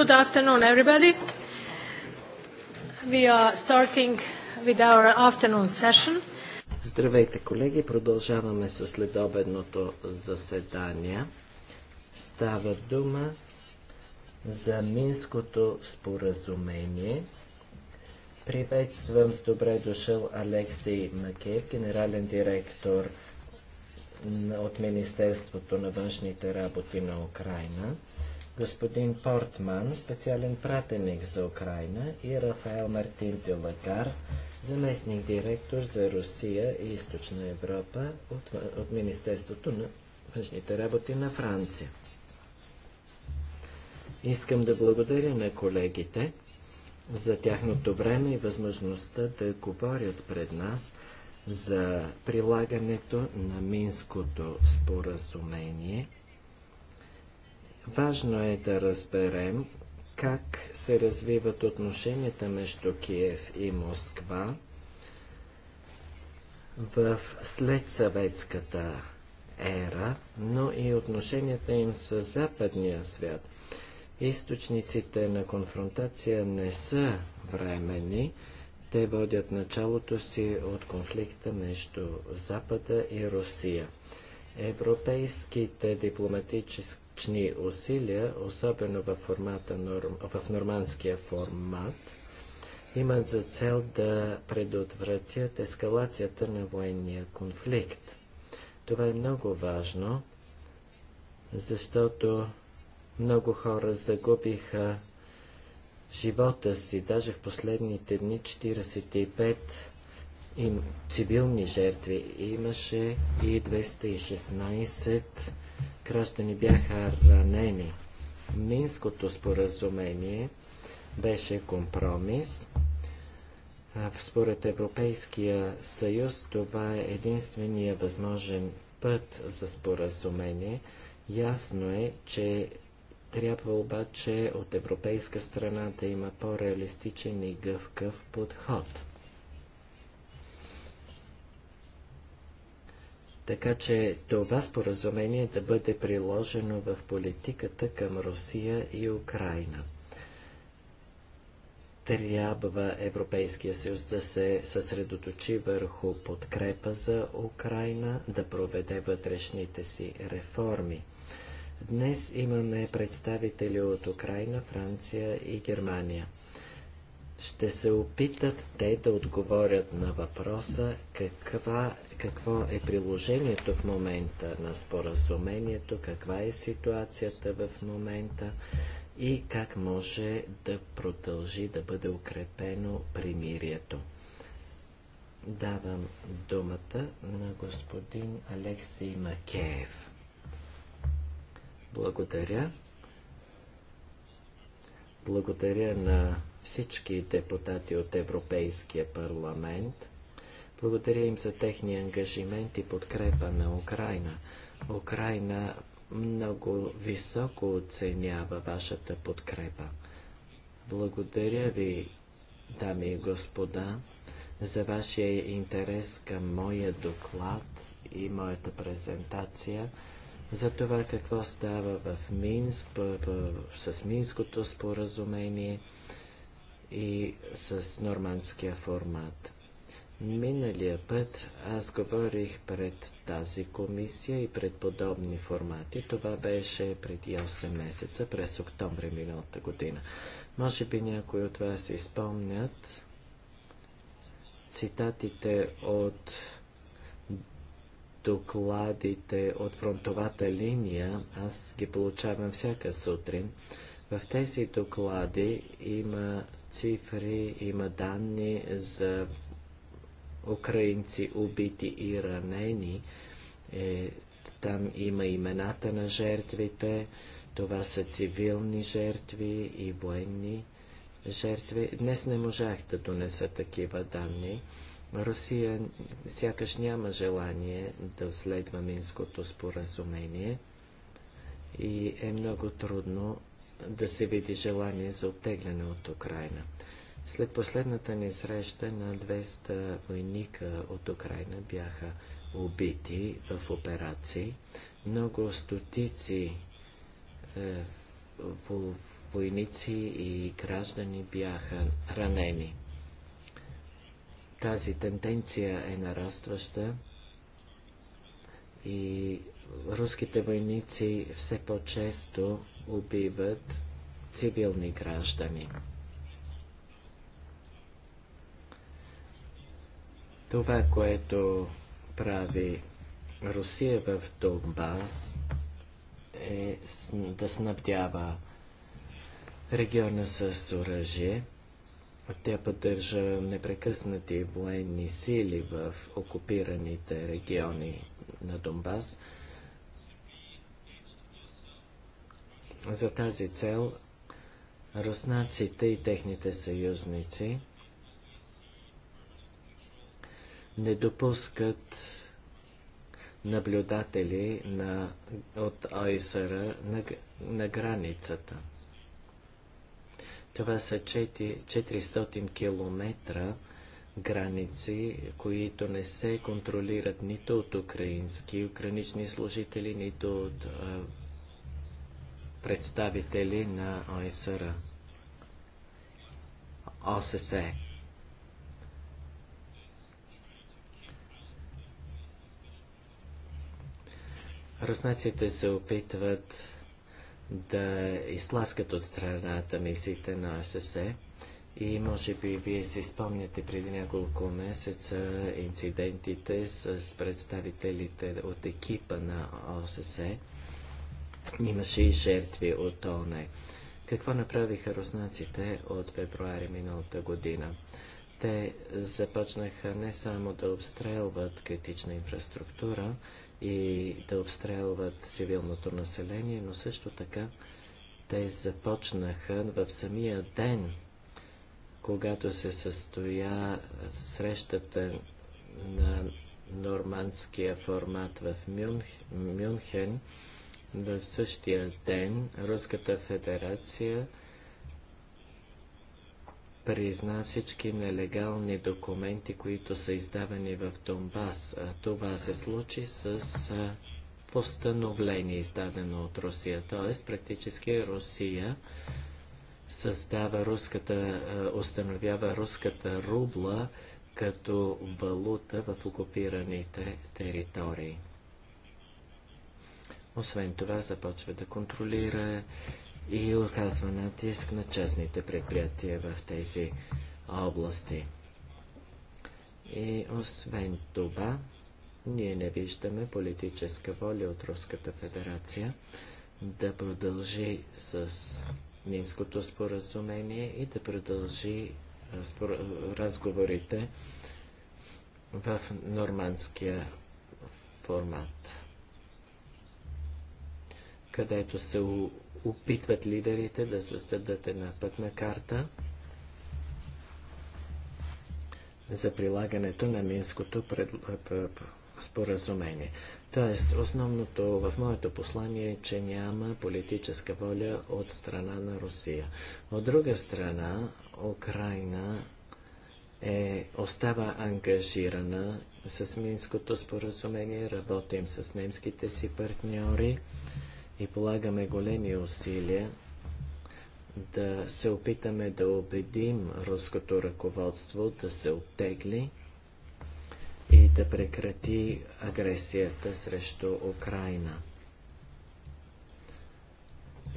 Good afternoon, everybody. We are starting with our afternoon session. Здравейте, колеги! Продължаваме с следобедното заседание. Става дума за Минското споразумение. Приветствам с добре дошъл Алексей Макеев, генерален директор от Министерството на външните работи на Украина господин Портман, специален пратеник за Украина и Рафаел Мартин Тюлакар, заместник директор за Русия и Източна Европа от, от Министерството на външните работи на Франция. Искам да благодаря на колегите за тяхното време и възможността да говорят пред нас за прилагането на Минското споразумение – Важно е да разберем как се развиват отношенията между Киев и Москва в следсъветската ера, но и отношенията им с западния свят. Източниците на конфронтация не са времени. Те водят началото си от конфликта между Запада и Русия. Европейските дипломатически научни усилия, особено в, формата, в нормандския формат, имат за цел да предотвратят ескалацията на военния конфликт. Това е много важно, защото много хора загубиха живота си. Даже в последните дни 45 им, цивилни жертви имаше и 216 граждани бяха ранени. Минското споразумение беше компромис. Според Европейския съюз това е единствения възможен път за споразумение. Ясно е, че трябва обаче от европейска страна да има по-реалистичен и гъвкъв подход – така че това споразумение да бъде приложено в политиката към Русия и Украина. Трябва Европейския съюз да се съсредоточи върху подкрепа за Украина, да проведе вътрешните си реформи. Днес имаме представители от Украина, Франция и Германия – ще се опитат те да отговорят на въпроса каква, какво е приложението в момента на споразумението, каква е ситуацията в момента и как може да продължи да бъде укрепено примирието. Давам думата на господин Алексей Макеев. Благодаря. Благодаря на всички депутати от Европейския парламент. Благодаря им за техния ангажимент и подкрепа на Украина. Украина много високо оценява вашата подкрепа. Благодаря ви, дами и господа, за вашия интерес към моя доклад и моята презентация за това какво става в Минск, с Минското споразумение и с нормандския формат. Миналия път аз говорих пред тази комисия и пред подобни формати. Това беше преди 8 месеца, през октомври миналата година. Може би някои от вас изпомнят цитатите от докладите от фронтовата линия. Аз ги получавам всяка сутрин. В тези доклади има цифри, има данни за украинци убити и ранени. Е, там има имената на жертвите. Това са цивилни жертви и военни жертви. Днес не можах да донеса такива данни. Русия сякаш няма желание да следва Минското споразумение и е много трудно да се види желание за оттегляне от Украина. След последната ни среща на 200 войника от Украина бяха убити в операции. Много стотици е, войници и граждани бяха ранени. Тази тенденция е нарастваща и руските войници все по-често убиват цивилни граждани. Това, което прави Русия в Донбас е да снабдява региона с оръжие. Тя поддържа непрекъснати военни сили в окупираните региони на Донбас – За тази цел руснаците и техните съюзници не допускат наблюдатели на, от ОИСР на, на границата. Това са 4, 400 км граници, които не се контролират нито от украински гранични служители, нито от а, представители на ОСР. ОССЕ. Руснаците се опитват да изтласкат от страната мисиите на ОССЕ. И може би вие си спомняте преди няколко месеца инцидентите с представителите от екипа на ОССЕ. Имаше и жертви от ОНЕ. Какво направиха руснаците от февруари миналата година? Те започнаха не само да обстрелват критична инфраструктура и да обстрелват цивилното население, но също така те започнаха в самия ден, когато се състоя срещата на нормандския формат в Мюнх, Мюнхен, в същия ден Руската федерация призна всички нелегални документи, които са издавани в Донбас. Това се случи с постановление, издадено от Русия. Т.е. практически Русия създава руската, установява руската рубла като валута в окупираните територии. Освен това започва да контролира и оказва натиск на частните предприятия в тези области. И освен това, ние не виждаме политическа воля от Руската федерация да продължи с Минското споразумение и да продължи спор... разговорите в нормандския формат където се опитват лидерите да създадат една пътна карта за прилагането на Минското пред... споразумение. Тоест, основното в моето послание е, че няма политическа воля от страна на Русия. От друга страна, Украина е, остава ангажирана с Минското споразумение, работим с немските си партньори и полагаме големи усилия да се опитаме да убедим руското ръководство да се оттегли и да прекрати агресията срещу Украина.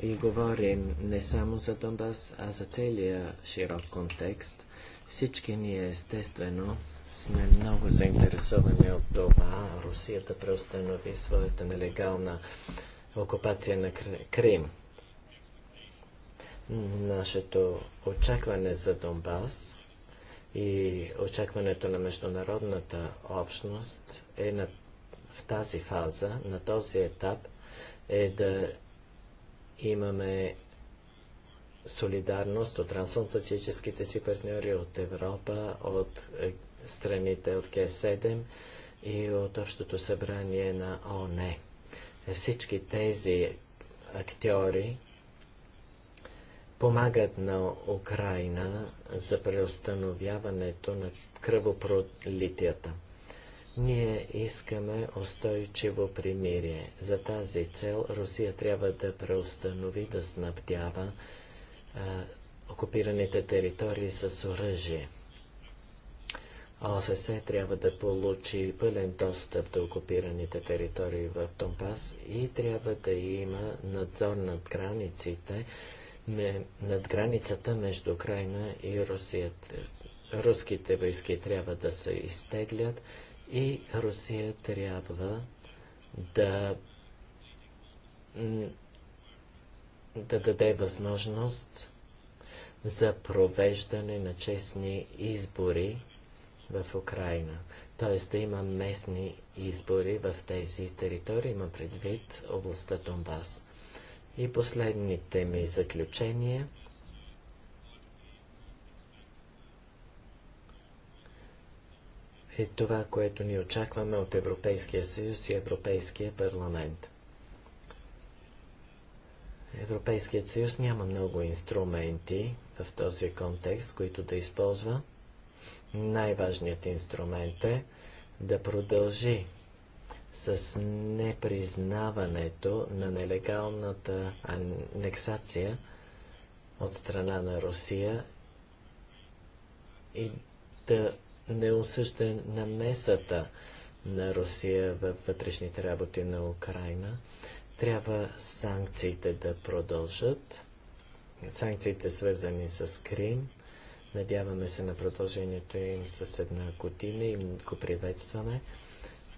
И говорим не само за Донбас, а за целия широк контекст. Всички ние естествено сме много заинтересовани от това Русия да преустанови своята нелегална окупация на Крим. Нашето очакване за Донбас и очакването на международната общност е на, в тази фаза, на този етап, е да имаме солидарност от трансатлантическите си партньори, от Европа, от е, страните от Г7 и от Общото събрание на ОНЕ всички тези актьори помагат на Украина за преустановяването на кръвопролитията. Ние искаме устойчиво примирие. За тази цел Русия трябва да преустанови да снабдява окупираните територии с оръжие. ОССЕ трябва да получи пълен достъп до окупираните територии в Донбас и трябва да има надзор над границите, над границата между Украина и Русия. Руските войски трябва да се изтеглят и Русия трябва да да даде възможност за провеждане на честни избори в Украина. Т.е. да има местни избори в тези територии, има предвид областта Донбас. И последните ми заключения. е това, което ни очакваме от Европейския съюз и Европейския парламент. Европейският съюз няма много инструменти в този контекст, които да използва най-важният инструмент е да продължи с непризнаването на нелегалната анексация от страна на Русия и да не осъжда намесата на Русия във вътрешните работи на Украина. Трябва санкциите да продължат, санкциите свързани с Крим – Надяваме се на продължението им с една година и го приветстваме.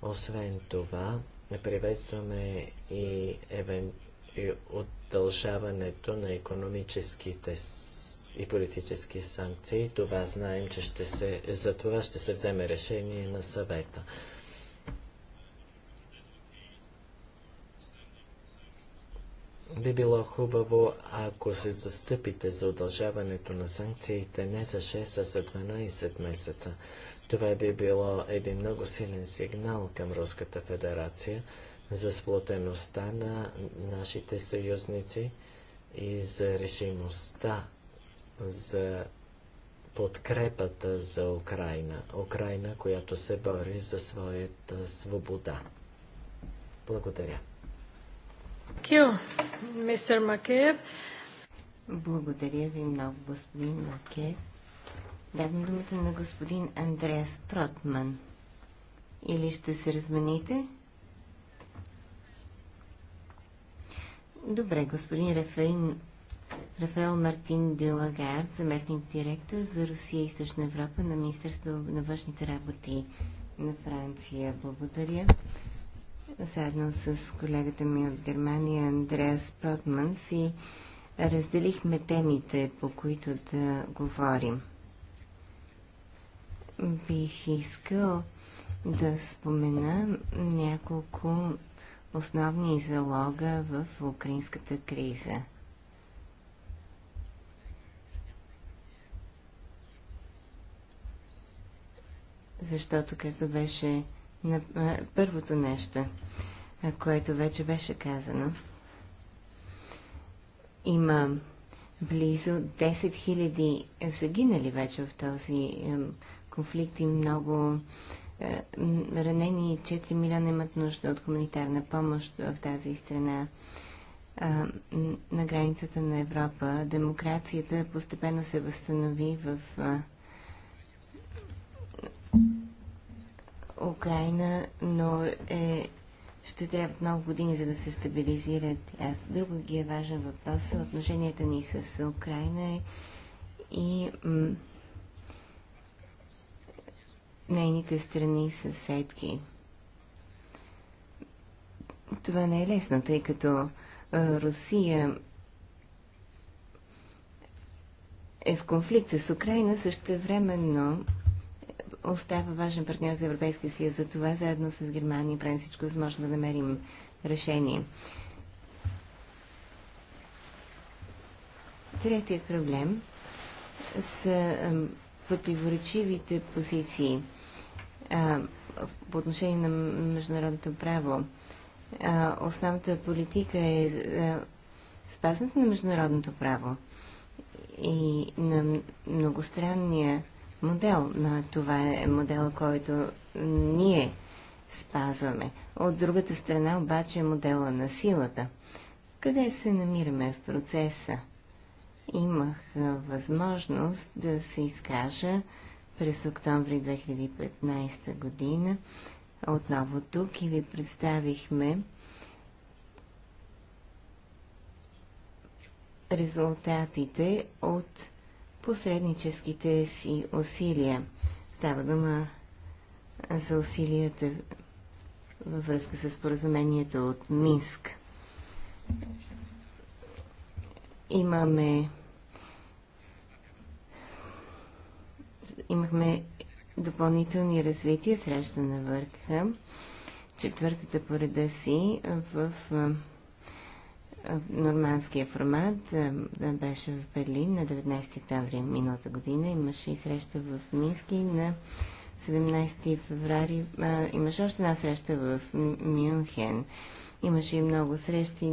Освен това, приветстваме и, евен... и отдължаването на економическите и политически санкции. Това знаем, че ще се... за това ще се вземе решение на съвета. Би било хубаво, ако се застъпите за удължаването на санкциите не за 6, а за 12 месеца. Това би било един много силен сигнал към Руската федерация за сплотеността на нашите съюзници и за решимостта за подкрепата за Украина. Украина, която се бори за своята свобода. Благодаря. Благодаря ви много, господин Макеев. Давам думата на господин Андреас Протман. Или ще се размените? Добре, господин Рафаин, Рафаел Мартин Дюлагард, заместник директор за Русия и Източна Европа на Министерство на външните работи на Франция. Благодаря заедно с колегата ми от Германия Андреас Протман си разделихме темите, по които да говорим. Бих искал да спомена няколко основни залога в украинската криза. Защото, както беше на първото нещо, което вече беше казано. Има близо 10 000 загинали вече в този конфликт и много ранени 4 милиона имат нужда от хуманитарна помощ в тази страна на границата на Европа. Демокрацията постепенно се възстанови в Украина, но е, ще трябват много години, за да се стабилизират. Аз ги е важен въпрос е отношенията ни с Украина е и нейните страни съседки. Това не е лесно, тъй като а, Русия е в конфликт с Украина, Но остава важен партньор за Европейския съюз. За това заедно с Германия правим всичко възможно да намерим решение. Третият проблем са противоречивите позиции а, по отношение на международното право. А, основната политика е спазването на международното право и на многостранния модел. Но това е модел, който ние спазваме. От другата страна обаче е модела на силата. Къде се намираме в процеса? Имах възможност да се изкажа през октомври 2015 година. Отново тук и ви представихме резултатите от посредническите си усилия. Става дума за усилията във връзка с поразумението от Минск. Имаме имахме допълнителни развития среща на върха, четвъртата пореда си в нормандския формат е, е, беше в Берлин на 19 октомври миналата година. Имаше и среща в Мински на 17 феврари. Имаше още една среща в Мюнхен. Имаше и много срещи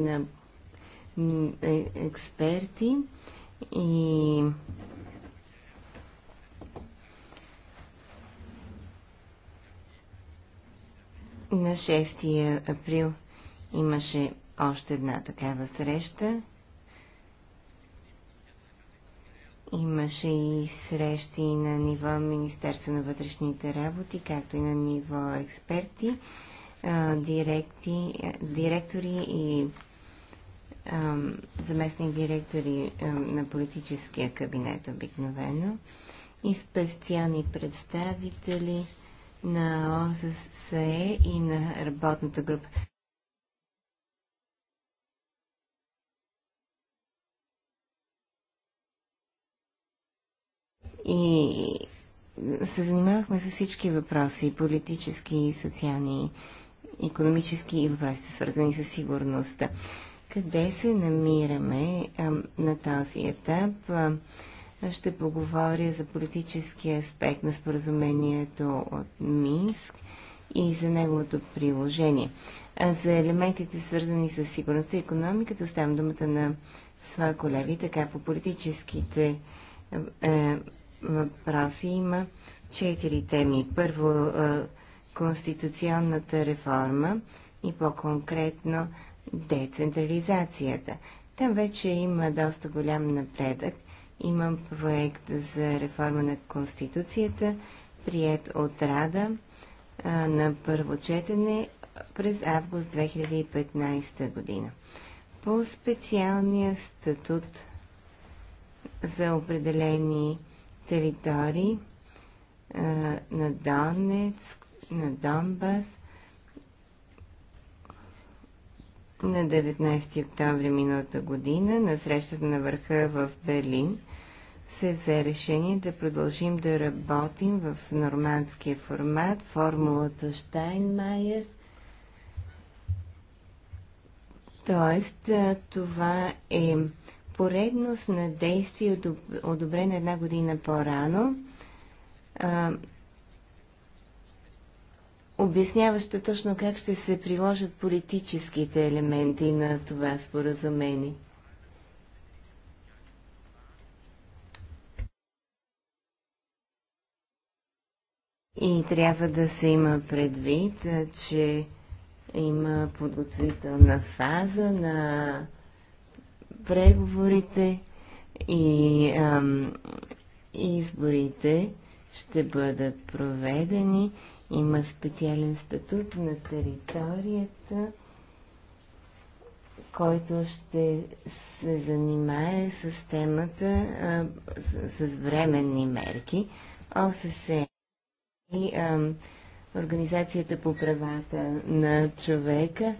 на е, експерти и на 6 април имаше още една такава среща. Имаше и срещи на ниво Министерство на вътрешните работи, както и на ниво експерти, директи, директори и заместни директори на политическия кабинет обикновено и специални представители на ОССЕ и на работната група. И се занимавахме с всички въпроси, политически, социални, економически и въпросите свързани с сигурността. Къде се намираме а, на този етап? А, ще поговоря за политическия аспект на споразумението от Минск и за неговото приложение. А за елементите, свързани с сигурността и економиката, оставям думата на своя колеги, така по политическите е, въпроси. Има четири теми. Първо, е, конституционната реформа и по-конкретно децентрализацията. Там вече има доста голям напредък. Имам проект за реформа на Конституцията, прият от Рада е, на първо четене през август 2015 година. По специалния статут за определени територии на Донецк, на Донбас. На 19 октомври миналата година, на срещата на върха в Берлин, се взе решение да продължим да работим в нормандския формат, формулата Штайнмайер. Тоест, това е поредност на действие одобрена една година по-рано, обясняваща точно как ще се приложат политическите елементи на това споразумение. И трябва да се има предвид, че има подготвителна фаза на преговорите и ам, изборите ще бъдат проведени. Има специален статут на територията, който ще се занимае с темата а, с, с временни мерки. ОССЕ и а, Организацията по правата на човека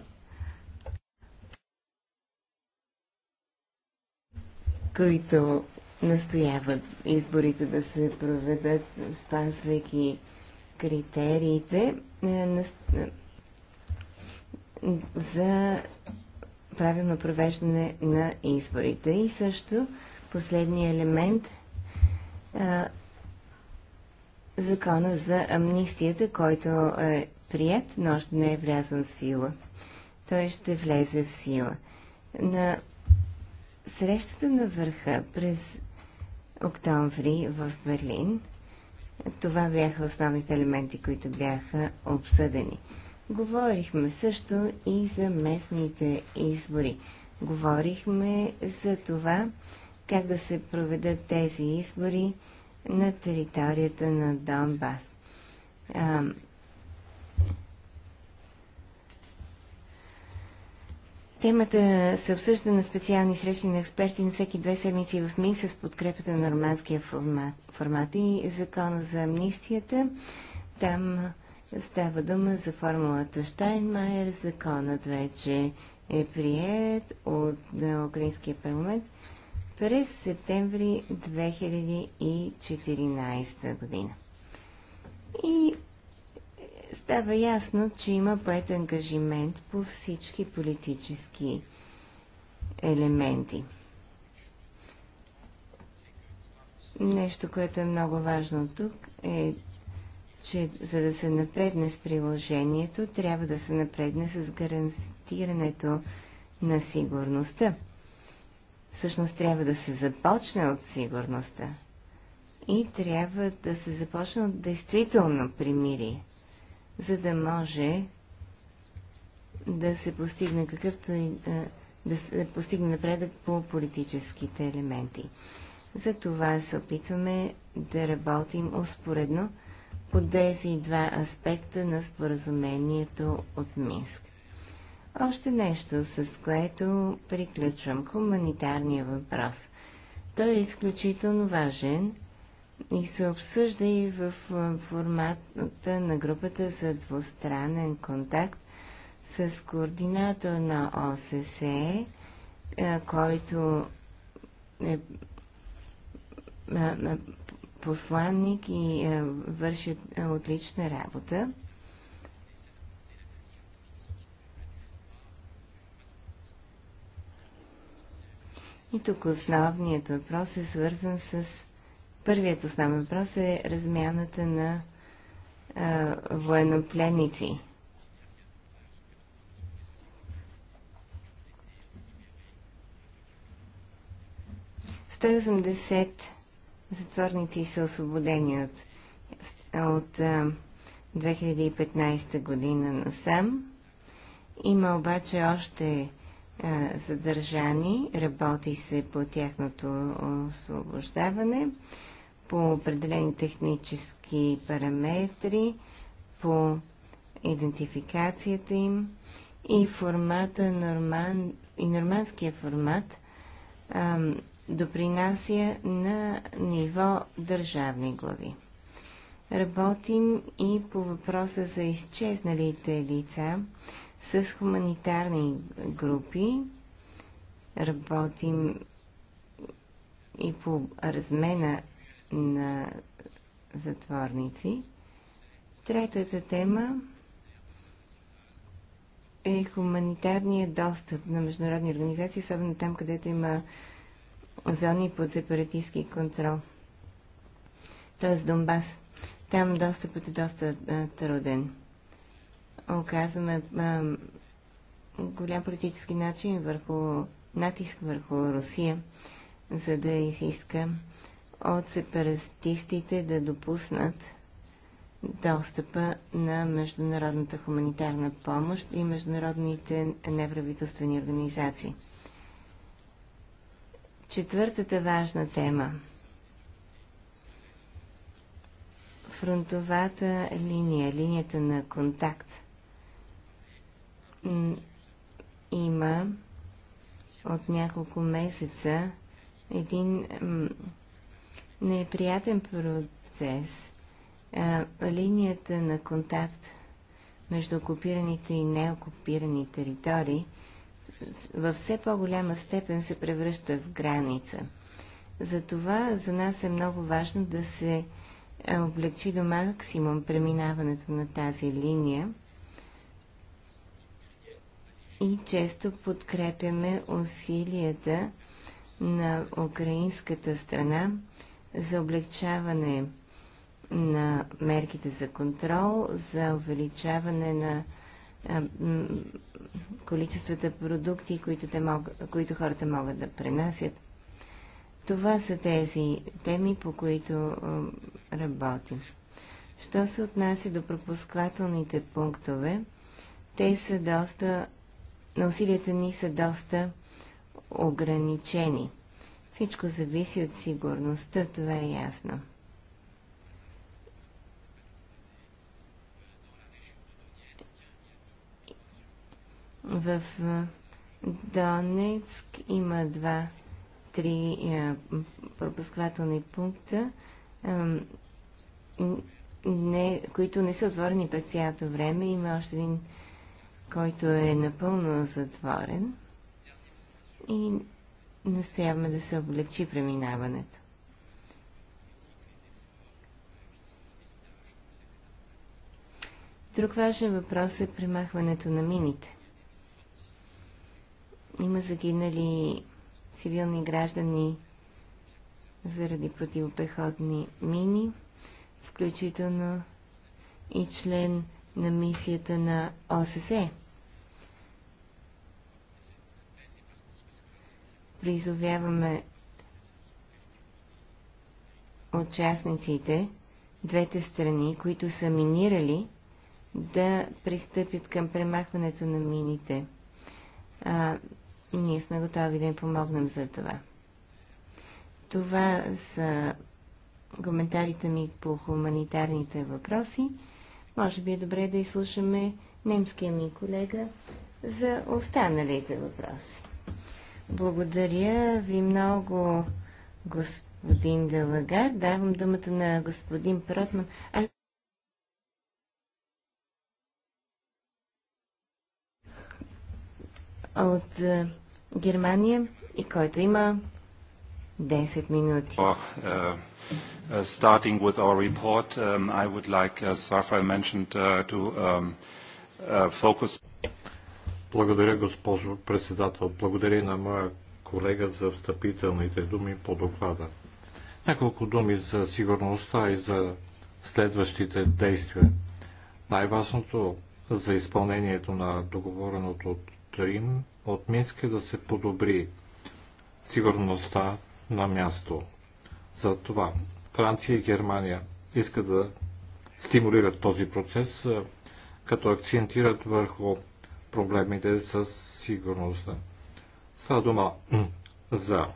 които настояват изборите да се проведат, спазвайки критериите е, за правилно провеждане на изборите. И също последния елемент е, закона за амнистията, който е прият, но още не е влязан в сила. Той ще влезе в сила. На срещата на върха през октомври в Берлин, това бяха основните елементи, които бяха обсъдени. Говорихме също и за местните избори. Говорихме за това как да се проведат тези избори на територията на Донбас. Темата се обсъжда на специални срещи на експерти на всеки две седмици в МИ с подкрепата на нормандския формат, формат и закона за амнистията. Там става дума за формулата Штайнмайер. Законът вече е прият от Украинския парламент през септември 2014 година. И става ясно, че има поет ангажимент по всички политически елементи. Нещо, което е много важно тук е, че за да се напредне с приложението, трябва да се напредне с гарантирането на сигурността. Всъщност трябва да се започне от сигурността и трябва да се започне от действително примирие – за да може да се постигне какъвто и да, се постигне напредък по политическите елементи. За това се опитваме да работим успоредно по тези два аспекта на споразумението от Минск. Още нещо, с което приключвам. Хуманитарния въпрос. Той е изключително важен и се обсъжда и в формата на групата за двустранен контакт с координатор на ОССЕ, който е посланник и върши отлична работа. И тук основният въпрос е свързан с Първият основен въпрос е размяната на а, военнопленници. затворници са освободени от, от а, 2015 година насам. Има обаче още а, задържани, работи се по тяхното освобождаване по определени технически параметри, по идентификацията им и формата норман, и нормандския формат ам, допринася на ниво държавни глави. Работим и по въпроса за изчезналите лица с хуманитарни групи. Работим и по размена на затворници. Третата тема е хуманитарният достъп на международни организации, особено там, където има зони под сепаратистски контрол. Тоест Донбас. Там достъпът е доста а, труден. Оказваме а, голям политически начин върху натиск върху Русия, за да изиска от сепаратистите да допуснат достъпа на международната хуманитарна помощ и международните неправителствени организации. Четвъртата важна тема фронтовата линия, линията на контакт има от няколко месеца един неприятен процес. А, линията на контакт между окупираните и неокупирани територии във все по-голяма степен се превръща в граница. Затова за нас е много важно да се облегчи до максимум преминаването на тази линия и често подкрепяме усилията на украинската страна за облегчаване на мерките за контрол, за увеличаване на количествата продукти, които, те мог, които хората могат да пренасят. Това са тези теми, по които работим. Що се отнася до пропускателните пунктове, те са доста, на усилията ни са доста ограничени – всичко зависи от сигурността, това е ясно. В Донецк има два, три пропусквателни пункта, не, които не са отворени през цялото време. Има още един, който е напълно затворен. И настояваме да се облегчи преминаването. Друг важен въпрос е премахването на мините. Има загинали цивилни граждани заради противопехотни мини, включително и член на мисията на ОССЕ – призовяваме участниците, двете страни, които са минирали, да пристъпят към премахването на мините. А, ние сме готови да им помогнем за това. Това са коментарите ми по хуманитарните въпроси. Може би е добре да изслушаме немския ми колега за останалите въпроси. Благодаря ви много, господин Делагар. Давам думата на господин Протман. А... От е, Германия и който има 10 минути. Uh, uh, starting with our report, um, I would like, as Rafael mentioned, uh, to um, uh, focus благодаря, госпожо председател. Благодаря на моя колега за встъпителните думи по доклада. Няколко думи за сигурността и за следващите действия. Най-важното за изпълнението на договореното от Рим от Минск е да се подобри сигурността на място. За това Франция и Германия искат да стимулират този процес, като акцентират върху проблемите с сигурността. Става дума за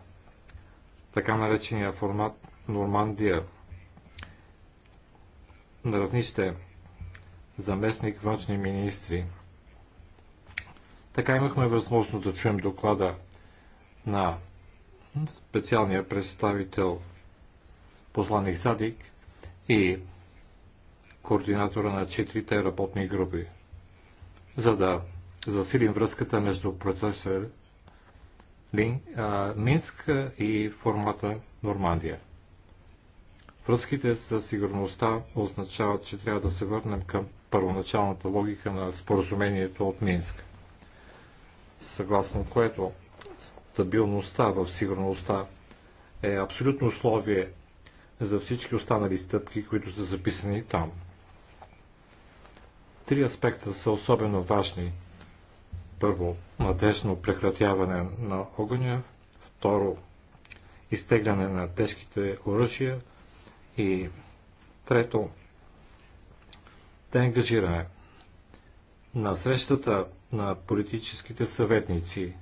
така наречения формат Нормандия на равнище заместник външни министри. Така имахме възможност да чуем доклада на специалния представител посланник Садик и координатора на четирите работни групи, за да засилим връзката между процеса Минск и формата Нормандия. Връзките с сигурността означават, че трябва да се върнем към първоначалната логика на споразумението от Минск, съгласно което стабилността в сигурността е абсолютно условие за всички останали стъпки, които са записани там. Три аспекта са особено важни първо, надежно прекратяване на огъня. Второ, изтегляне на тежките оръжия. И трето, деангажиране на срещата на политическите съветници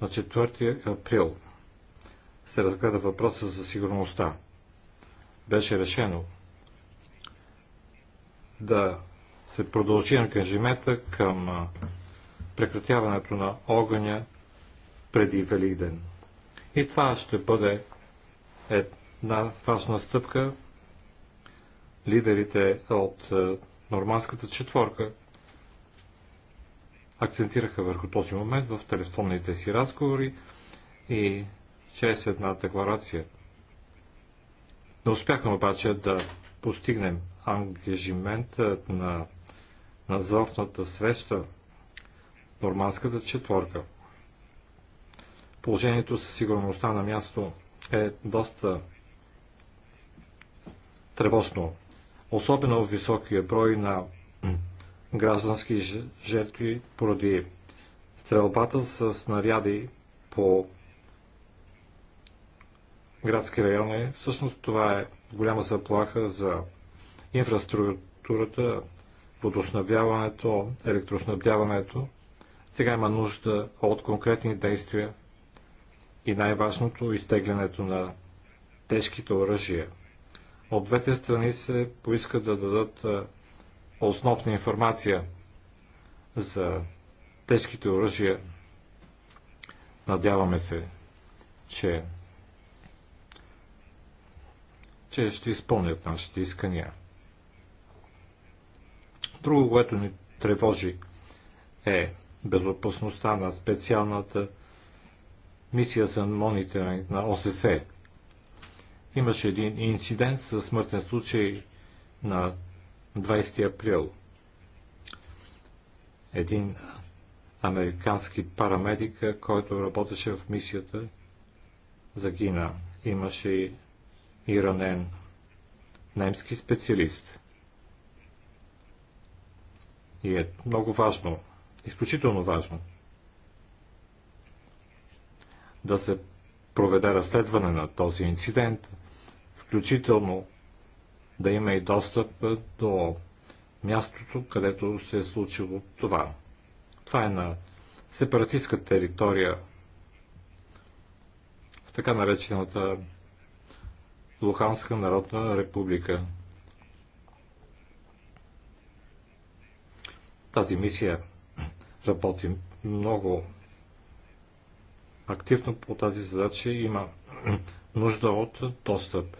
на 4 април се разгледа въпроса за сигурността. Беше решено да се продължи ангажимента към прекратяването на огъня преди Велиден. И това ще бъде една важна стъпка. Лидерите от Нормандската четворка акцентираха върху този момент в телефонните си разговори и чрез една декларация. Не успяхме обаче да постигнем ангажимент на надзорната среща, нормандската четворка. Положението със сигурността на място е доста тревожно, особено в високия брой на граждански жертви поради стрелбата с наряди по градски райони. Всъщност това е голяма заплаха за инфраструктурата, водоснабдяването, електроснабдяването. Сега има нужда от конкретни действия и най-важното изтеглянето на тежките оръжия. От двете страни се поиска да дадат основна информация за тежките оръжия. Надяваме се, че, че ще изпълнят нашите искания. Друго, което ни тревожи е безопасността на специалната мисия за мониторинг на ОССЕ. Имаше един инцидент със смъртен случай на 20 април. Един американски парамедик, който работеше в мисията, загина. Имаше и ранен немски специалист и е много важно, изключително важно, да се проведе разследване на този инцидент, включително да има и достъп до мястото, където се е случило това. Това е на сепаратистска територия в така наречената Луханска народна република. тази мисия работи много активно по тази задача има нужда от достъп.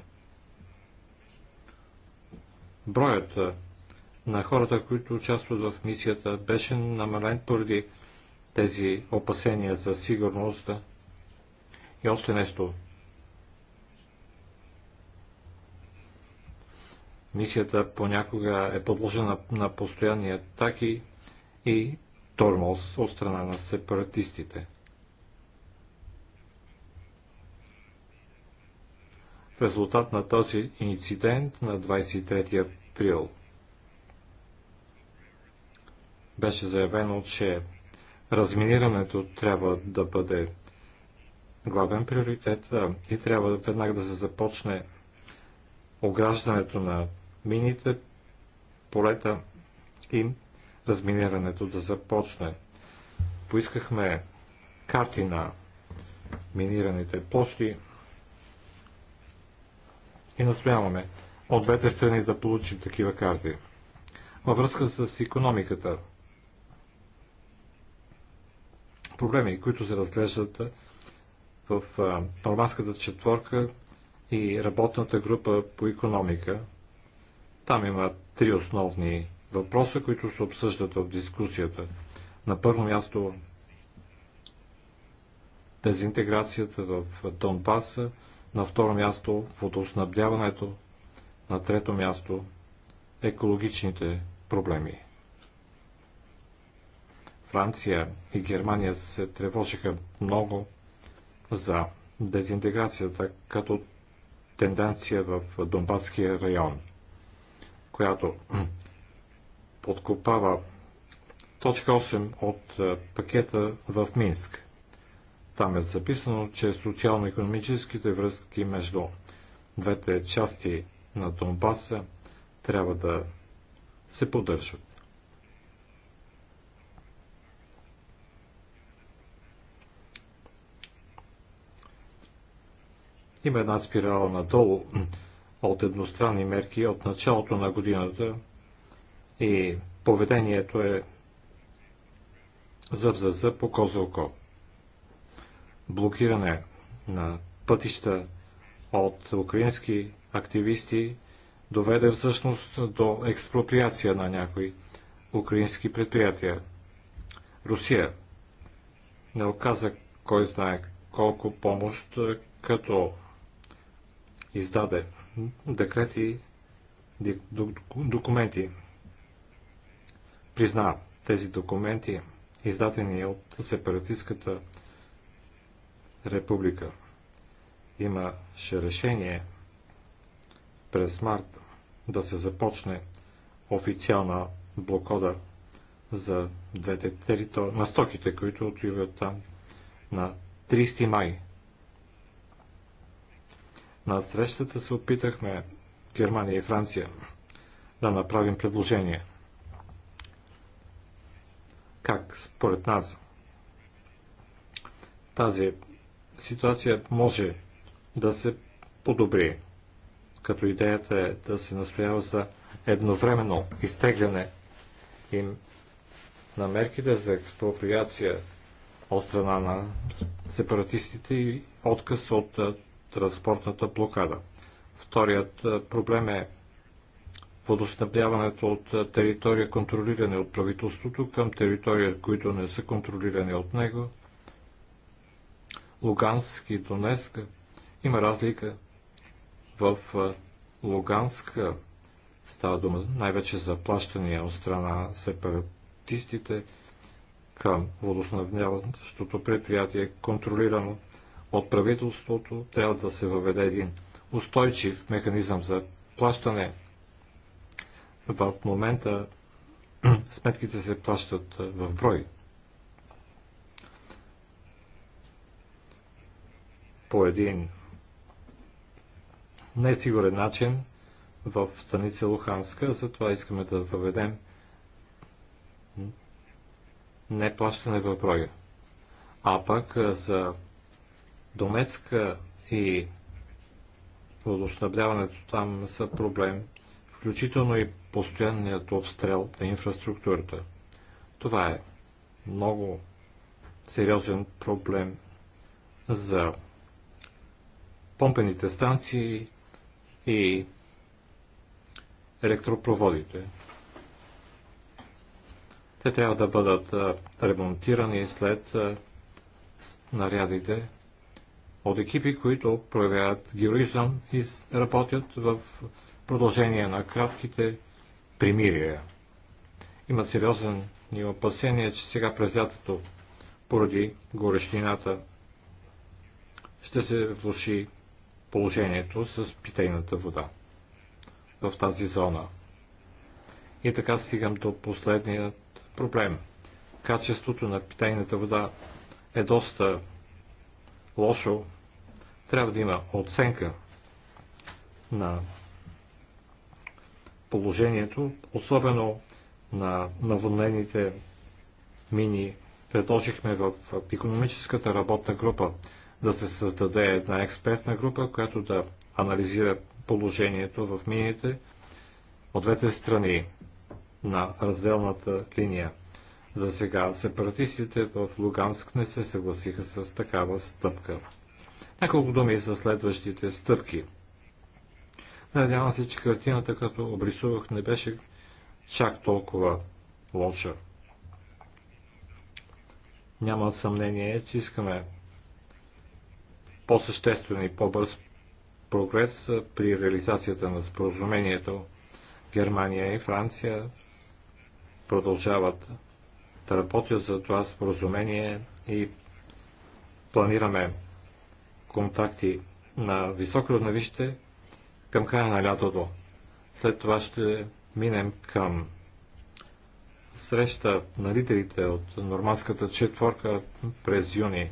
Броят на хората, които участват в мисията, беше намален поради тези опасения за сигурност. И още нещо – Мисията понякога е подложена на постоянни атаки и тормоз от страна на сепаратистите. В резултат на този инцидент на 23 април беше заявено, че разминирането трябва да бъде главен приоритет и трябва веднага да се започне ограждането на мините, полета и разминирането да започне. Поискахме карти на минираните площи и настояваме от двете страни да получим такива карти. Във връзка с економиката, проблеми, които се разглеждат в Нормандската четворка и работната група по економика, там има три основни въпроса, които се обсъждат в дискусията. На първо място дезинтеграцията в Донбаса, на второ място водоснабдяването, на трето място екологичните проблеми. Франция и Германия се тревожиха много за дезинтеграцията като тенденция в Донбасския район която подкопава точка 8 от е, пакета в Минск. Там е записано, че социално-економическите връзки между двете части на Донбаса трябва да се поддържат. Има една спирала надолу, от едностранни мерки от началото на годината и поведението е зъб за зъб, око за око. Блокиране на пътища от украински активисти доведе всъщност до експроприация на някои украински предприятия. Русия не оказа кой знае колко помощ, като издаде декрети, документи. Признавам, тези документи, издадени от сепаратистската република, имаше решение през март да се започне официална блокода за двете територии, на стоките, които отиват там на 30 май на срещата се опитахме Германия и Франция да направим предложение. Как според нас тази ситуация може да се подобри, като идеята е да се настоява за едновременно изтегляне им на мерките за експроприация от страна на сепаратистите и отказ от транспортната блокада. Вторият е, проблем е водоснабдяването от е, територия, контролиране от правителството, към територия, които не са контролирани от него. Луганск и Донецк. Има разлика в е, Луганск. Става дума най-вече за плащания от страна сепаратистите към водоснабдяващото предприятие, контролирано от правителството трябва да се въведе един устойчив механизъм за плащане. В момента сметките се плащат в брой. По един несигурен начин в станица Луханска, затова искаме да въведем неплащане в броя. А пък за Донецка и водоснабдяването там са проблем, включително и постоянният обстрел на инфраструктурата. Това е много сериозен проблем за помпените станции и електропроводите. Те трябва да бъдат ремонтирани след нарядите от екипи, които проявяват героизъм и работят в продължение на кратките примирия. Има сериозен ни опасение, че сега през лятото, поради горещината, ще се влуши положението с питейната вода в тази зона. И така стигам до последният проблем. Качеството на питейната вода е доста лошо. Трябва да има оценка на положението, особено на наводнените мини. Предложихме в економическата работна група да се създаде една експертна група, която да анализира положението в мините от двете страни на разделната линия. За сега сепаратистите в Луганск не се съгласиха с такава стъпка. Няколко думи за следващите стъпки. Надявам се, че картината, като обрисувах, не беше чак толкова лоша. Няма съмнение, че искаме по-съществен и по-бърз прогрес при реализацията на споразумението. Германия и Франция продължават работят за това споразумение и планираме контакти на високо равновище към края на лятото. След това ще минем към среща на лидерите от нормандската четворка през юни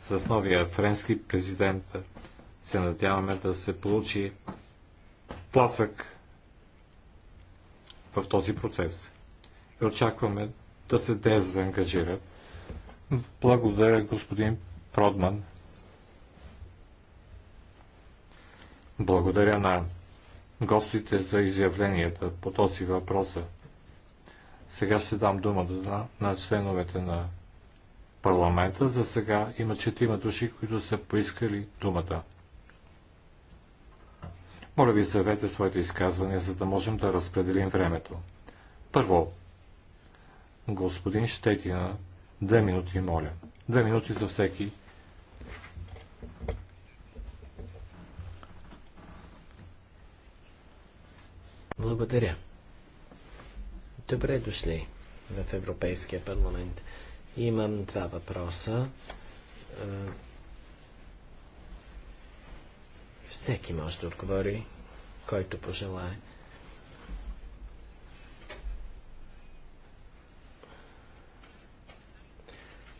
с новия френски президент. Се надяваме да се получи пласък в този процес. И очакваме да се дезангажират. Благодаря, господин Продман. Благодаря на гостите за изявленията по този въпрос. Сега ще дам думата на, на членовете на парламента. За сега има четирима души, които са поискали думата. Моля ви, завете своите изказвания, за да можем да разпределим времето. Първо, господин Щетина. Две минути, моля. Две минути за всеки. Благодаря. Добре дошли в Европейския парламент. Имам два въпроса. Е, всеки може да отговори, който пожелае.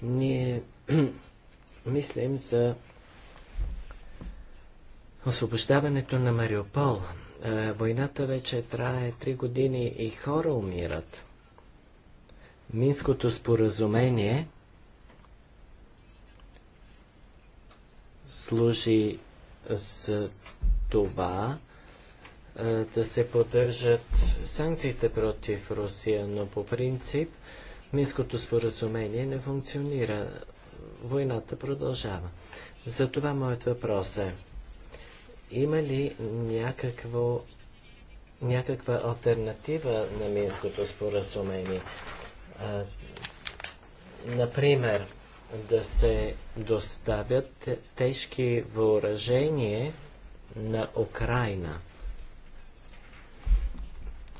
Ние мислим за освобождаването на Мариупол. Е, войната вече трае три години и хора умират. Минското споразумение служи за това е, да се поддържат санкциите против Русия, но по принцип Минското споразумение не функционира. Войната продължава. Затова моят въпрос е, има ли някакво, някаква альтернатива на Минското споразумение? А, например, да се доставят тежки въоръжения на Украина,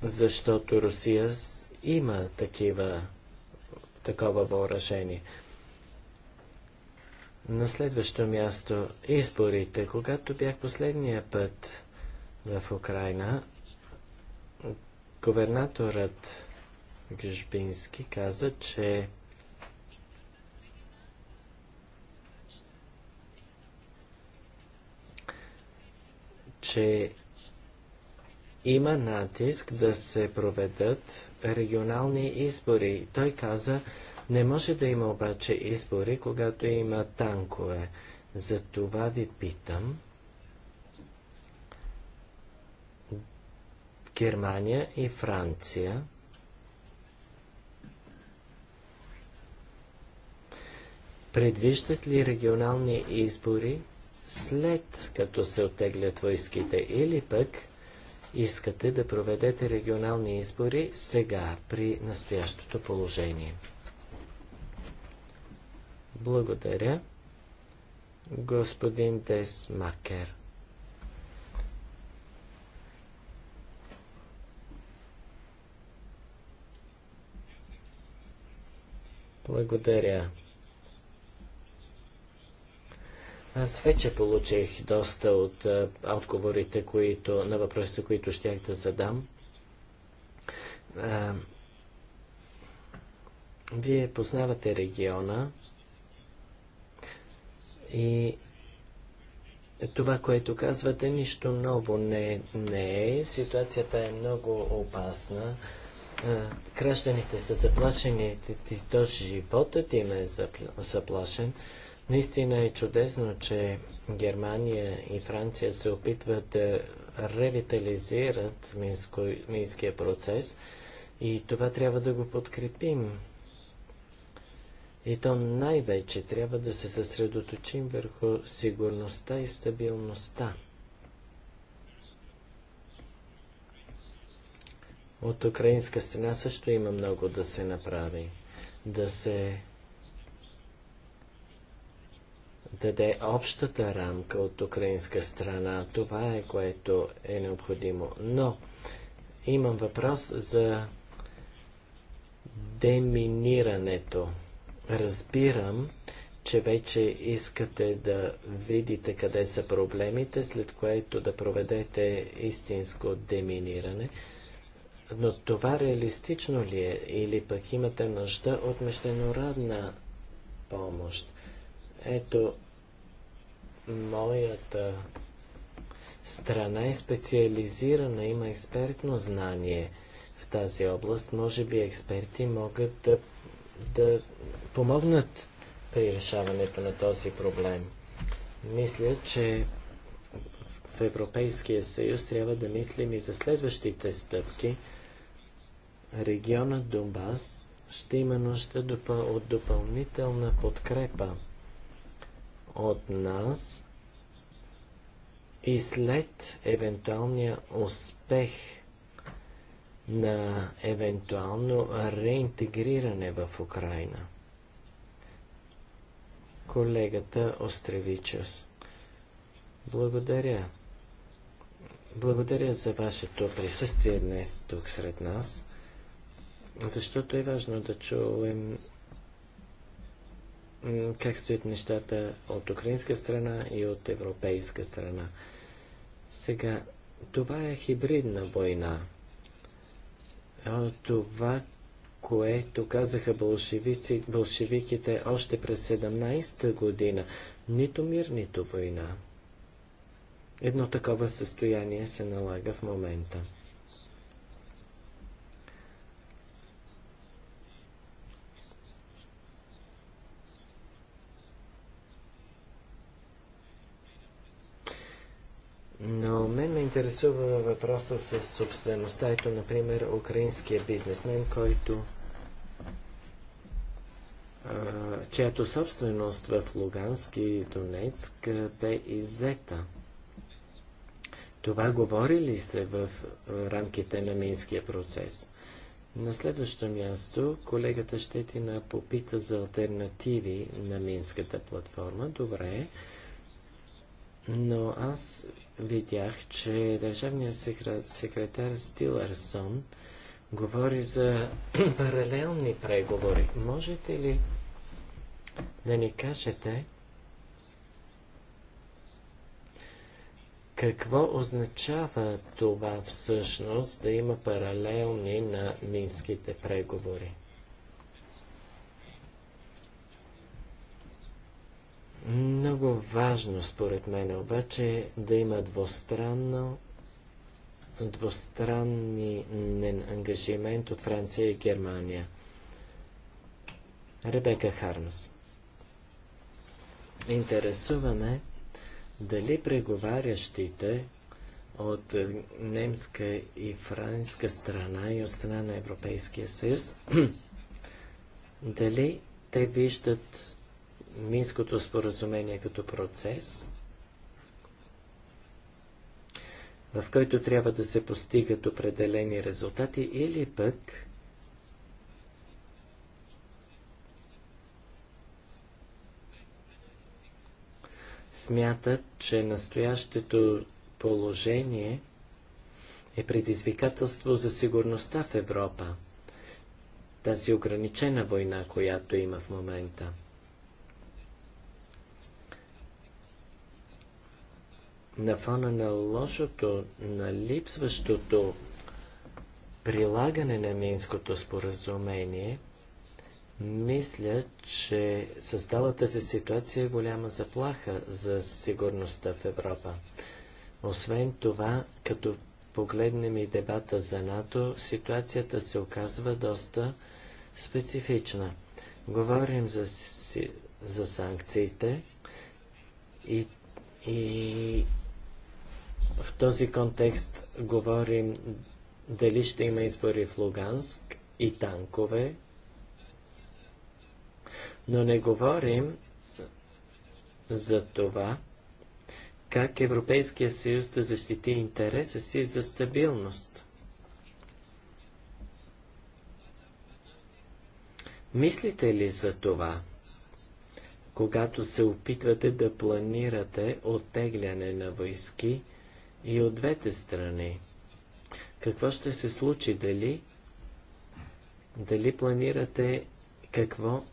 защото Русия има такива такова въоръжение. На следващо място изборите. Когато бях последния път в Украина, губернаторът Гжбински каза, че че има натиск да се проведат регионални избори. Той каза, не може да има обаче избори, когато има танкове. За това ви питам. Германия и Франция предвиждат ли регионални избори след като се оттеглят войските или пък искате да проведете регионални избори сега, при настоящото положение? Благодаря. Господин Десмакер. Благодаря Аз вече получих доста от отговорите, които, на въпросите, които щях да задам. вие познавате региона и това, което казвате, нищо ново не, не е. Ситуацията е много опасна. Гражданите са заплашени, до животът им е запла... заплашен. Наистина е чудесно, че Германия и Франция се опитват да ревитализират минския процес и това трябва да го подкрепим. И то най-вече трябва да се съсредоточим върху сигурността и стабилността. От украинска страна също има много да се направи. Да се даде общата рамка от украинска страна. Това е което е необходимо. Но имам въпрос за деминирането. Разбирам, че вече искате да видите къде са проблемите, след което да проведете истинско деминиране. Но това реалистично ли е или пък имате нужда от международна помощ? Ето, моята страна е специализирана, има експертно знание в тази област. Може би експерти могат да, да помогнат при решаването на този проблем. Мисля, че в Европейския съюз трябва да мислим и за следващите стъпки. Регионът Донбас ще има нужда от допълнителна подкрепа от нас и след евентуалния успех на евентуално реинтегриране в Украина. Колегата Остревичус. Благодаря. Благодаря за вашето присъствие днес тук сред нас, защото е важно да чуем как стоят нещата от украинска страна и от европейска страна. Сега, това е хибридна война. Това, което казаха болшевици, болшевиките още през 17-та година, нито мир, нито война. Едно такова състояние се налага в момента. Но мен ме интересува въпроса с собствеността. Ето, например, украинския бизнесмен, който чиято собственост в Луганск и Донецк бе иззета. Това говори ли се в рамките на Минския процес? На следващо място колегата Щетина попита за альтернативи на Минската платформа. Добре, но аз видях, че държавният секретар, Стилърсон говори за паралелни преговори. Можете ли да ни кажете какво означава това всъщност да има паралелни на минските преговори? Много важно, според мен, обаче, да има двустранно двустранни ангажимент от Франция и Германия. Ребека Хармс. Интересуваме дали преговарящите от немска и франска страна и от страна на Европейския съюз, дали те виждат Минското споразумение като процес, в който трябва да се постигат определени резултати или пък смятат, че настоящето положение е предизвикателство за сигурността в Европа. Тази ограничена война, която има в момента. на фона на лошото, на липсващото прилагане на Минското споразумение, мисля, че създалата се ситуация е голяма заплаха за сигурността в Европа. Освен това, като погледнем и дебата за НАТО, ситуацията се оказва доста специфична. Говорим за, за санкциите и, и в този контекст говорим дали ще има избори в Луганск и танкове, но не говорим за това, как Европейския съюз да защити интереса си за стабилност. Мислите ли за това, когато се опитвате да планирате оттегляне на войски и от двете страни. Какво ще се случи? Дали, дали планирате какво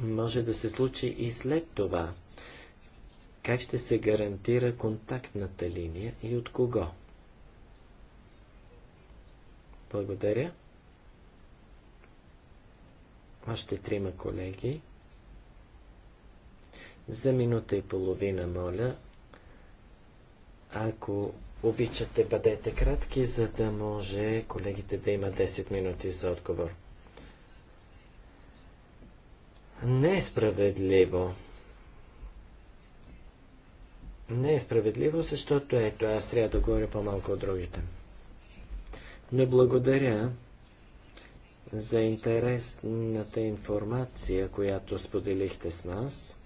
може да се случи и след това? Как ще се гарантира контактната линия и от кого? Благодаря. Още трима колеги. За минута и половина, моля, ако обичате, бъдете кратки, за да може колегите да има 10 минути за отговор. Не е справедливо. Не е справедливо, защото ето, аз трябва да говоря по-малко от другите. Но благодаря за интересната информация, която споделихте с нас.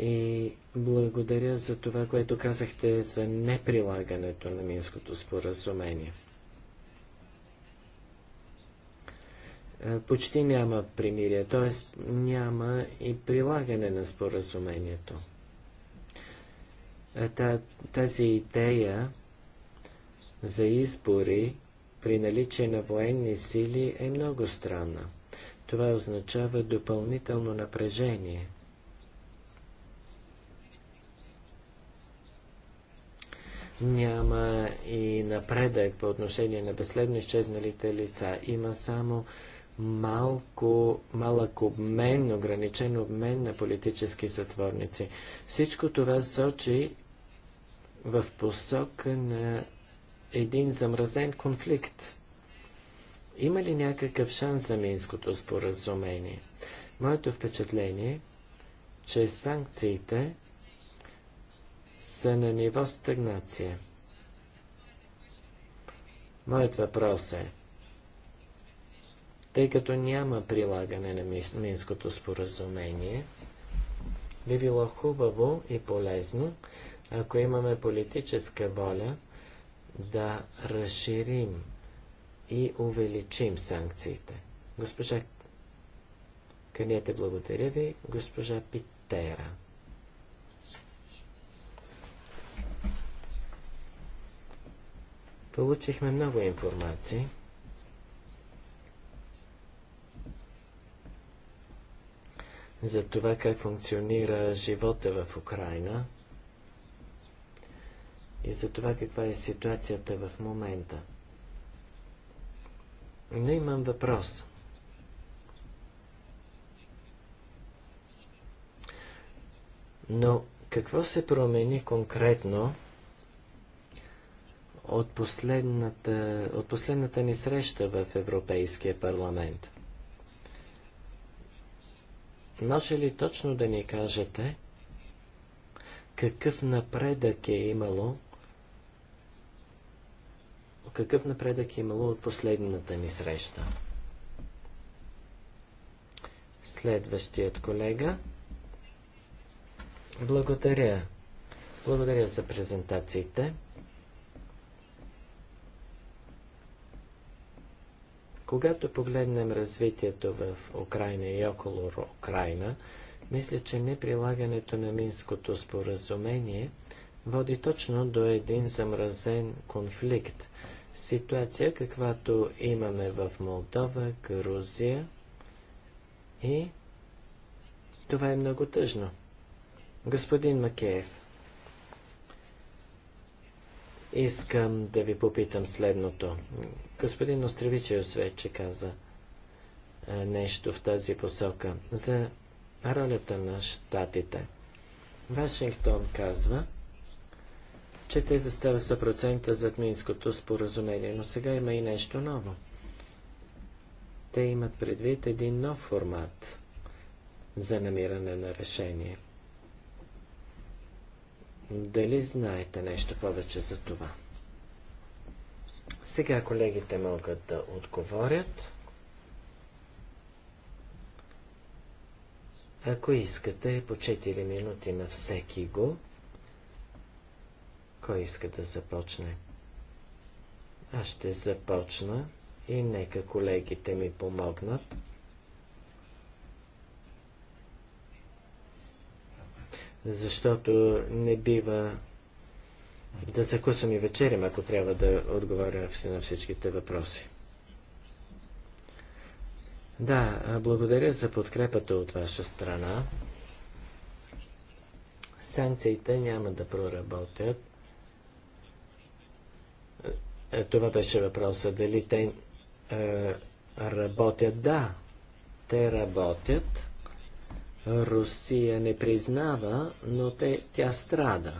и благодаря за това, което казахте за неприлагането на Минското споразумение. Почти няма примирие, т.е. няма и прилагане на споразумението. тази идея за избори при наличие на военни сили е много странна. Това означава допълнително напрежение – няма и напредък по отношение на безследно изчезналите лица. Има само малко, малък обмен, ограничен обмен на политически затворници. Всичко това сочи в посока на един замразен конфликт. Има ли някакъв шанс за Минското споразумение? Моето впечатление, че санкциите са на ниво стагнация. Моят въпрос е, тъй като няма прилагане на Минското споразумение, би било хубаво и полезно, ако имаме политическа воля да разширим и увеличим санкциите. Госпожа Канете, благодаря ви. Госпожа Питера. Получихме много информации. за това как функционира живота в Украина и за това каква е ситуацията в момента. Но имам въпрос. Но какво се промени конкретно от последната, от последната ни среща в Европейския парламент. Може ли точно да ни кажете какъв напредък е имало какъв напредък е имало от последната ни среща? Следващият колега. Благодаря. Благодаря за презентациите. Когато погледнем развитието в Украина и около Украина, мисля, че неприлагането на Минското споразумение води точно до един замразен конфликт. Ситуация, каквато имаме в Молдова, Грузия и това е много тъжно. Господин Макеев. Искам да ви попитам следното. Господин Остревичев вече каза нещо в тази посока за ролята на щатите. Вашингтон казва, че те застава 100% зад Минското споразумение, но сега има и нещо ново. Те имат предвид един нов формат за намиране на решение – дали знаете нещо повече за това? Сега колегите могат да отговорят. Ако искате, по 4 минути на всеки го. Кой иска да започне? Аз ще започна и нека колегите ми помогнат. защото не бива да закусам и вечерям, ако трябва да отговоря на всичките въпроси. Да, благодаря за подкрепата от ваша страна. Санкциите няма да проработят. Е, това беше въпроса. Дали те е, работят? Да, те работят. Русия не признава, но те, тя страда.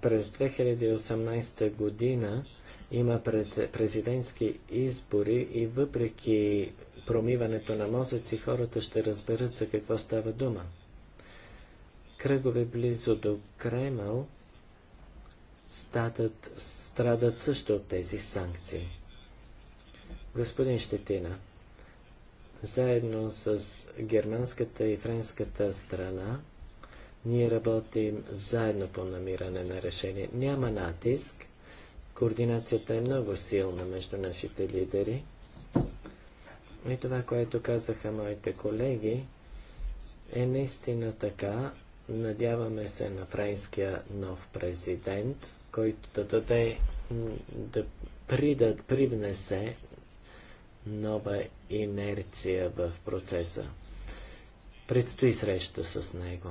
През 2018 година има президентски избори и въпреки промиването на мозъци, хората ще разберат за какво става дума. Кръгове близо до Кремъл страдат, страдат също от тези санкции. Господин Щетина, заедно с германската и френската страна, ние работим заедно по намиране на решение. Няма натиск, координацията е много силна между нашите лидери. И това, което казаха моите колеги, е наистина така. Надяваме се на френския нов президент, който да даде, да придат, привнесе нова инерция в процеса. Предстои среща с него.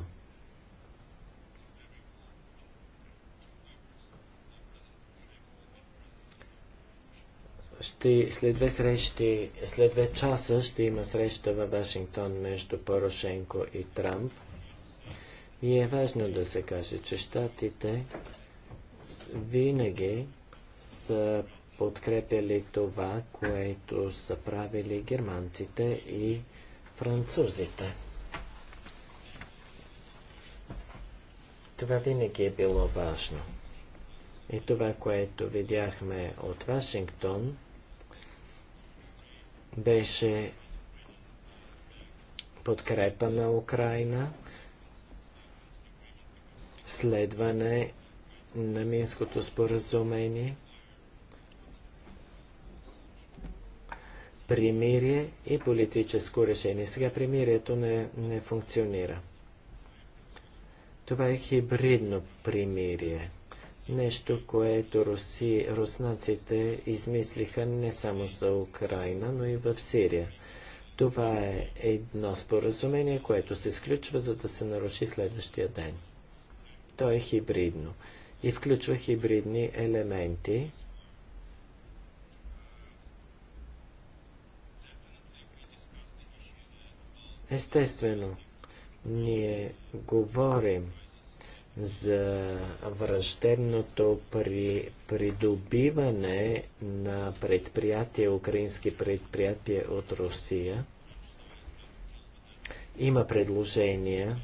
ще, след две срещи, след две часа ще има среща във Вашингтон между Порошенко и Трамп. И е важно да се каже, че щатите винаги са подкрепяли това, което са правили германците и французите. Това винаги е било важно. И това, което видяхме от Вашингтон, беше подкрепа на Украина, следване на Минското споразумение – примирие и политическо решение. Сега примирието не, не функционира. Това е хибридно примирие. Нещо, което руси, руснаците измислиха не само за Украина, но и в Сирия. Това е едно споразумение, което се сключва, за да се наруши следващия ден. То е хибридно и включва хибридни елементи, Естествено, ние говорим за враждебното при придобиване на предприятия, украински предприятия от Русия. Има предложения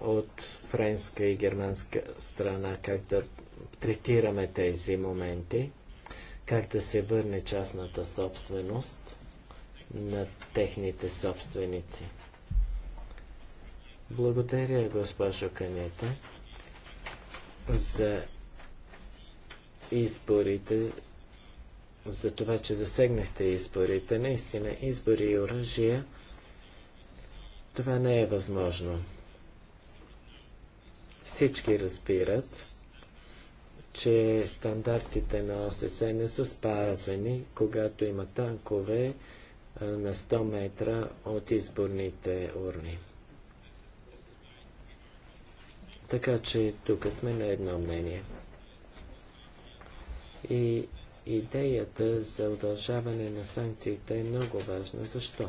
от френска и германска страна как да третираме тези моменти, как да се върне частната собственост на техните собственици. Благодаря, госпожо Канета, за изборите, за това, че засегнахте изборите. Наистина, избори и оръжия, това не е възможно. Всички разбират, че стандартите на ОСС не са спазени, когато има танкове на 100 метра от изборните урни. Така че тук сме на едно мнение. И идеята за удължаване на санкциите е много важна. Защо?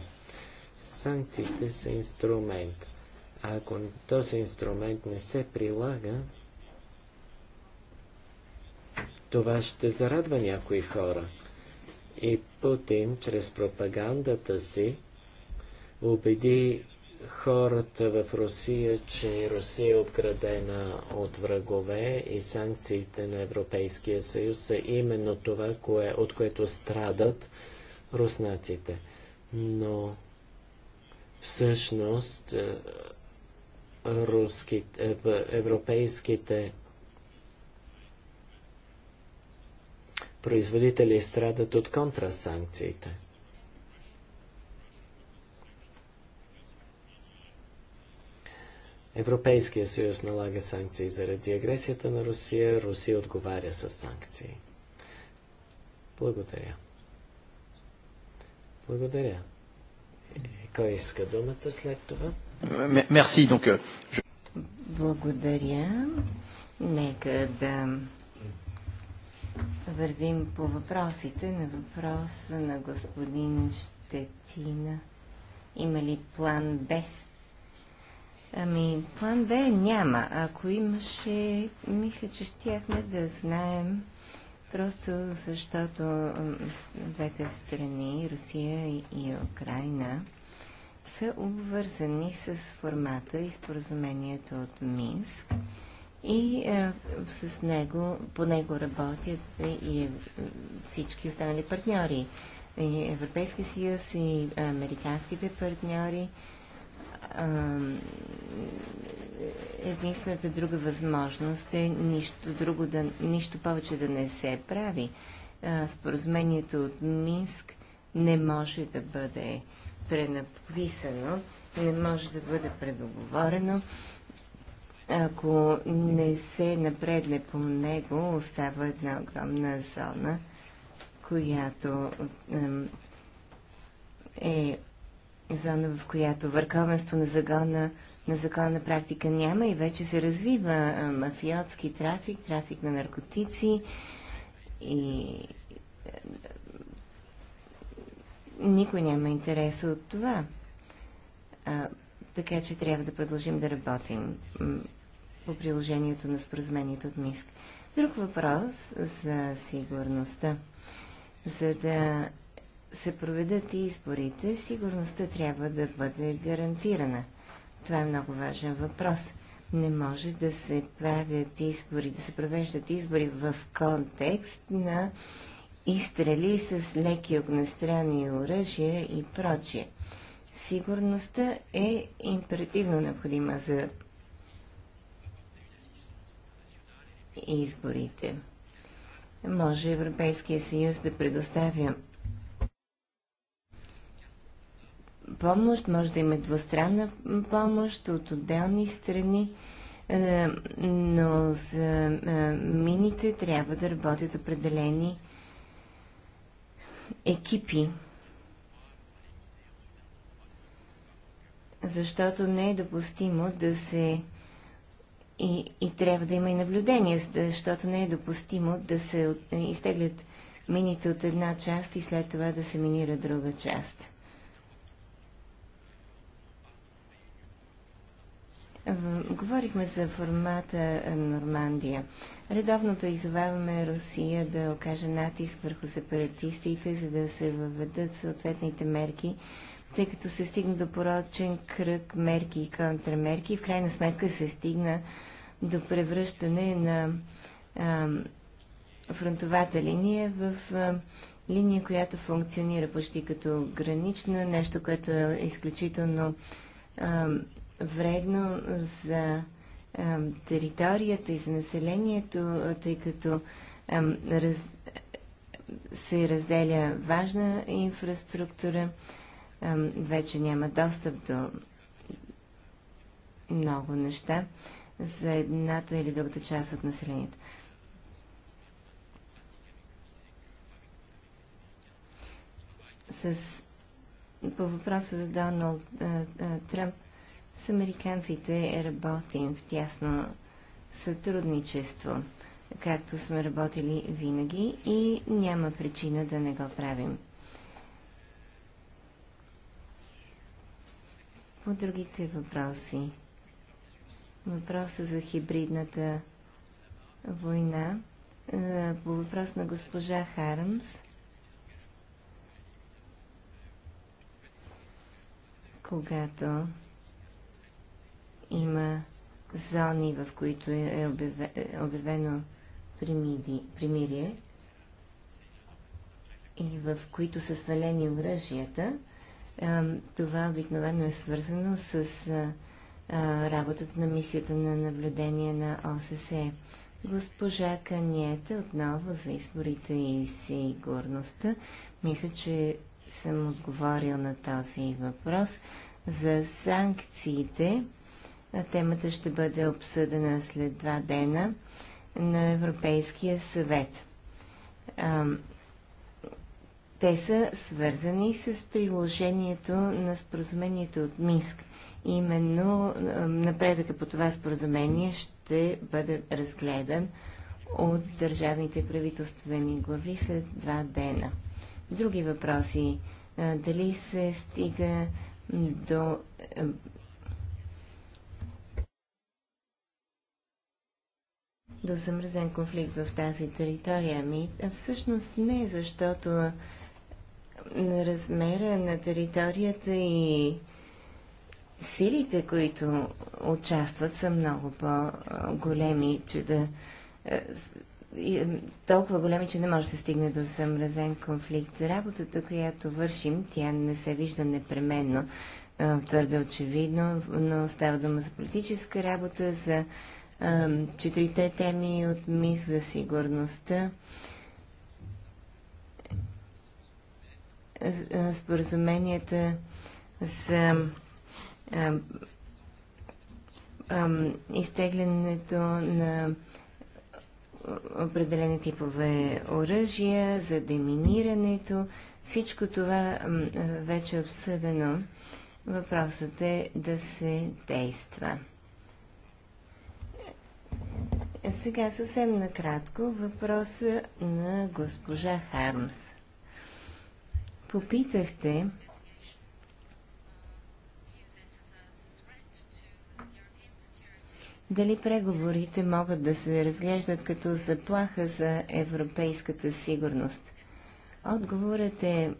Санкциите са инструмент. А ако този инструмент не се прилага, това ще зарадва някои хора. И Путин чрез пропагандата си убеди хората в Русия, че Русия е обградена от врагове и санкциите на Европейския съюз са именно това, кое, от което страдат руснаците. Но всъщност е, руските, европейските производители страдат от контрасанкциите. Европейския съюз налага санкции заради агресията на Русия. Русия отговаря с санкции. Благодаря. Благодаря. Е, кой иска думата след това? Мерси, е, Благодаря. Нека да вървим по въпросите на въпроса на господин Щетина. Има ли план Б? Ами, план Б няма. Ако имаше, мисля, че щяхме да знаем просто защото двете страни, Русия и Украина, са обвързани с формата и споразумението от Минск и е, с него, по него работят и всички останали партньори. И Европейския съюз и американските партньори единствената друга възможност е нищо, друго да, нищо повече да не се прави. Споразумението от Минск не може да бъде пренаписано, не може да бъде предоговорено. Ако не се напредне по него, остава една огромна зона, която е зона, в която върховенство на закона, на закона практика няма и вече се развива мафиотски трафик, трафик на наркотици и никой няма интерес от това. А, така че трябва да продължим да работим по приложението на споразумението от МИСК. Друг въпрос за сигурността. За да се проведат и изборите, сигурността трябва да бъде гарантирана. Това е много важен въпрос. Не може да се правят избори, да се провеждат избори в контекст на изстрели с леки огнестрани оръжия и прочие. Сигурността е императивно необходима за изборите. Може Европейския съюз да предоставя помощ, може да има двустранна помощ от отделни страни, е, но за е, мините трябва да работят определени екипи. Защото не е допустимо да се и, и трябва да има и наблюдение, защото не е допустимо да се изтеглят мините от една част и след това да се минира друга част. Говорихме за формата Нормандия. Редовно призоваваме Русия да окаже натиск върху сепаратистите, за да се въведат съответните мерки, тъй като се стигна до порочен кръг мерки и контрамерки. В крайна сметка се стигна до превръщане на а, фронтовата линия в а, линия, която функционира почти като гранична, нещо, което е изключително вредно за територията и за населението, тъй като се разделя важна инфраструктура, вече няма достъп до много неща за едната или другата част от населението. С, по въпроса за Доналд Тръмп, с американците работим в тясно сътрудничество, както сме работили винаги и няма причина да не го правим. По другите въпроси. Въпроса за хибридната война. По въпрос на госпожа Хармс. Когато има зони, в които е обявено примирие и в които са свалени оръжията, това обикновено е свързано с работата на мисията на наблюдение на ОССЕ. Госпожа Каниета отново за изборите и сигурността. Мисля, че съм отговорил на този въпрос. За санкциите Темата ще бъде обсъдена след два дена на Европейския съвет. Те са свързани с приложението на споразумението от Минск. Именно напредъка по това споразумение ще бъде разгледан от държавните правителствени глави след два дена. Други въпроси. Дали се стига до до замръзен конфликт в тази територия. Ами, всъщност не, защото размера на територията и силите, които участват, са много по-големи, че да е, толкова големи, че не може да се стигне до замразен конфликт. Работата, която вършим, тя не се вижда непременно, е, твърде очевидно, но става дума за политическа работа, за четирите теми от мис за сигурността, споразуменията за изтеглянето на определени типове оръжия, за деминирането. Всичко това вече е обсъдено. Въпросът е да се действа. Сега съвсем накратко въпроса на госпожа Хармс. Попитахте дали преговорите могат да се разглеждат като заплаха за европейската сигурност. Отговорът е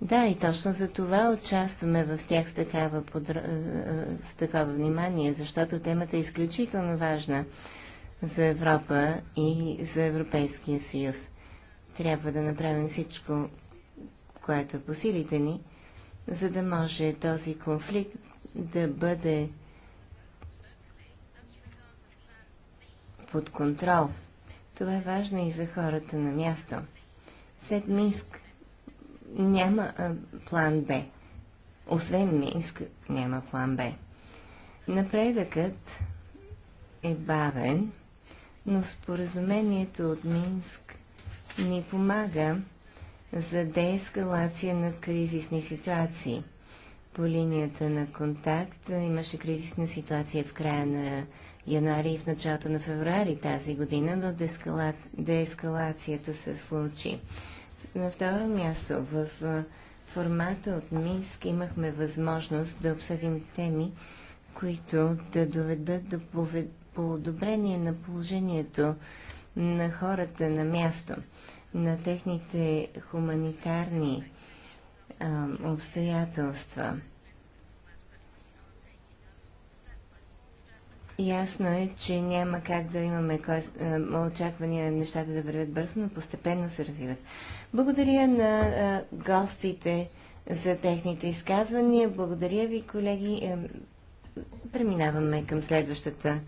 да, и точно за това участваме в тях с, такава подр... Е, е, с такова внимание, защото темата е изключително важна за Европа и за Европейския съюз. Трябва да направим всичко, което е по силите ни, за да може този конфликт да бъде под контрол. Това е важно и за хората на място. След Минск няма а, план Б. Освен Минск, няма план Б. Напредъкът е бавен, но споразумението от Минск ни помага за деескалация на кризисни ситуации. По линията на контакт имаше кризисна ситуация в края на януари и в началото на феврари тази година, но деескалацията се случи. На второ място, в формата от Минск имахме възможност да обсъдим теми, които да доведат до подобрение на положението на хората на място, на техните хуманитарни обстоятелства. Ясно е, че няма как да имаме кой, е, очаквания нещата да вървят бързо, но постепенно се развиват. Благодаря на е, гостите за техните изказвания. Благодаря ви, колеги. Е, преминаваме към следващата